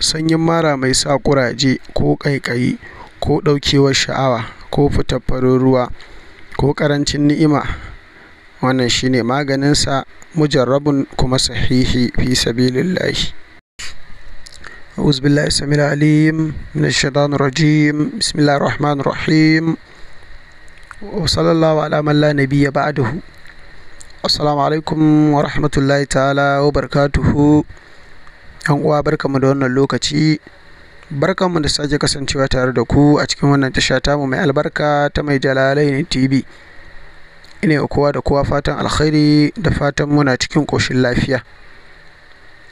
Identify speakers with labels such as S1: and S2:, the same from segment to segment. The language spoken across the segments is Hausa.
S1: sanyin mara mai sa ƙuraje ko ƙaiƙayi ko ɗaukewar sha'awa ko fitar ruwa ko ƙarancin ni'ima wannan shine maganin sa mujarrabun kuma sahihi fi sabilillahi أعوذ بالله السميع العليم من الشيطان الرجيم بسم الله الرحمن الرحيم وصلى الله على من لا نبي بعده السلام عليكم ورحمة الله تعالى وبركاته yan uwa barkamu da wannan lokaci barkamu da sake kasancewa tare da ku a cikin wannan tasha tamu mai albarka ta mai ne tv ina kowa da kowa fatan alkhairi da fatan muna cikin koshin lafiya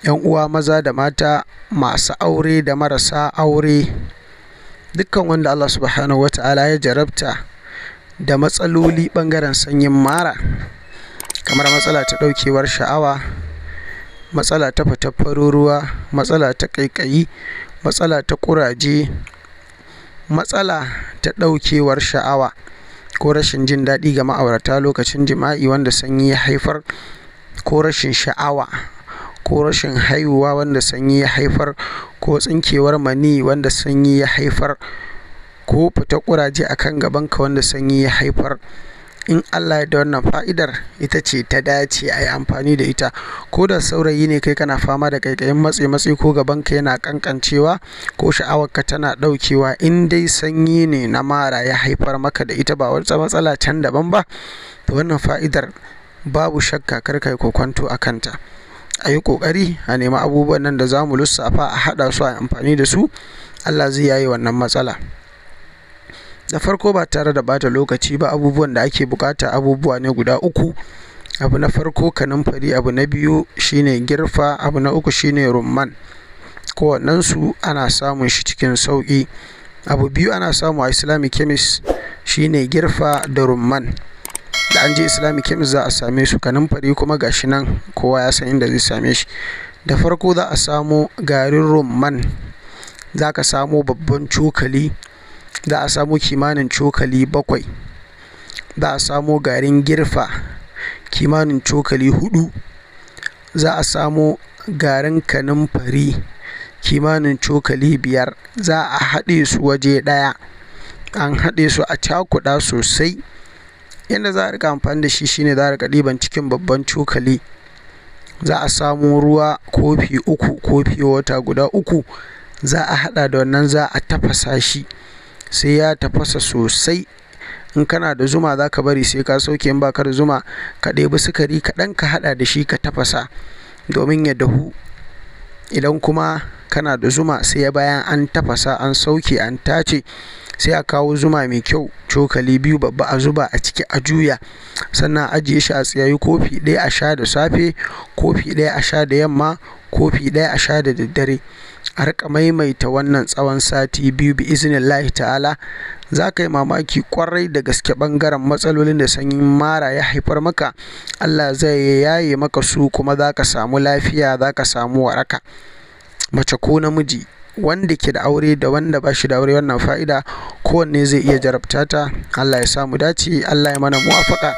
S1: yan uwa maza da mata masu aure da marasa aure dukkan wanda Allah subhanahu wata'ala ya jarabta da matsaloli ɓangaren sanyin mara kamar matsala ta ɗaukewar sha'awa matsala ta fitar matsala ta ƙaiƙayi matsala ta ƙuraje matsala ta ɗaukewar sha'awa ko rashin jin daɗi ga ma'aurata lokacin jima'i wanda sanyi ya haifar ko rashin sha'awa ko rashin haihuwa wanda sanyi ya haifar ko tsinkewar mani wanda sanyi ya haifar ko fita ƙuraje a kan gabanka wanda sanyi ya haifar in Allah da wannan fa'idar ita ce ta dace a yi amfani da ita ko da saurayi ne kai kana fama da kaikayin matsi matsi ko gaban ka yana kankancewa ko sha'awarka tana ɗaukewa in dai sanyi ne na mara ya haifar maka da ita ba wata matsala can daban ba to wannan fa'idar babu shakka kar kai kokwanto a kanta a yi ƙoƙari a nemi abubuwan nan da za mu lissafa a haɗa su a amfani da su Allah zai yaye wannan matsala. da farko ba tare da bata lokaci ba abubuwan da ake bukata abubuwa ne guda uku abu na farko kanumfari abu na biyu shine girfa abu na uku shine rumman su ana samun shi cikin sauki abu biyu ana samu a islamic chemist shine girfa da rumman da an je islamic chemist za a same su kanumfari kuma gashi nan kowa ya san inda zai same shi da farko za a samu garin rumman za ka samu babban cokali za a samo kimanin cokali bakwai za a samo garin girfa kimanin cokali hudu za a samo garin kanunfari kimanin cokali biyar za a haɗe su waje ɗaya an haɗe su a cakuɗa sosai yanda za a riƙa amfani da shi shine za a riƙa ɗiban cikin babban cokali za a samo ruwa kofi uku kofi wata guda uku za a haɗa da wannan za a tafasa shi sai ya tafasa sosai in kana da zuma za ka bari sai ka sauke in baka da zuma ka ɗebi sukari kaɗan ka haɗa da shi ka tafasa domin ya dahu idan kuma kana da zuma sai bayan an tafasa an sauke an tace sai a kawo zuma mai kyau cokali biyu babba a zuba a ciki a juya sannan ajiye shi a tsiyayi kofi ɗaya a sha da safe kofi ɗaya a sha da yamma kofi ɗaya a sha da daddare a rika maimaita wannan tsawon sati biyu bi izinin lahi ta'ala za ka yi mamaki kwarai da gaske bangaren matsalolin da sanyin mara ya haifar maka allah zai yaye maka su kuma za ka samu lafiya za ka samu waraka mace ko namiji wanda ke da aure da wanda ba shi da aure wannan fa'ida kowanne zai iya jarabta ta Allah ya samu dace Allah ya mana muwafaka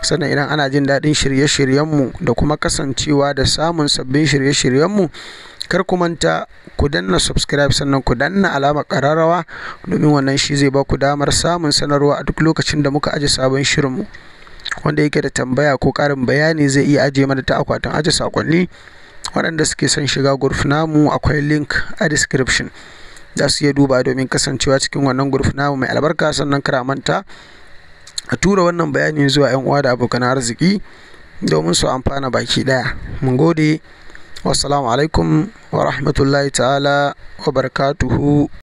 S1: sannan idan ana jin daɗin shirye shiryen mu da kuma kasancewa da samun sabbin shirye-shiryenmu kar ku manta ku danna subscribe sannan ku danna alamar ƙararrawa domin wannan shi zai ba ku damar samun sanarwa a duk lokacin da muka aje sabon shirin mu wanda yake da tambaya ko karin bayani zai iya aje mana ta akwatin aje sakonni waɗanda suke son shiga gurfi namu akwai link a description za su iya duba domin kasancewa cikin wannan gurfinamu namu mai albarka sannan karamanta a tura wannan bayani zuwa 'yan uwa da abokan arziki domin su amfana baki ɗaya mun gode wassalamu alaikum wa rahmatullahi ta'ala wa barakatuhu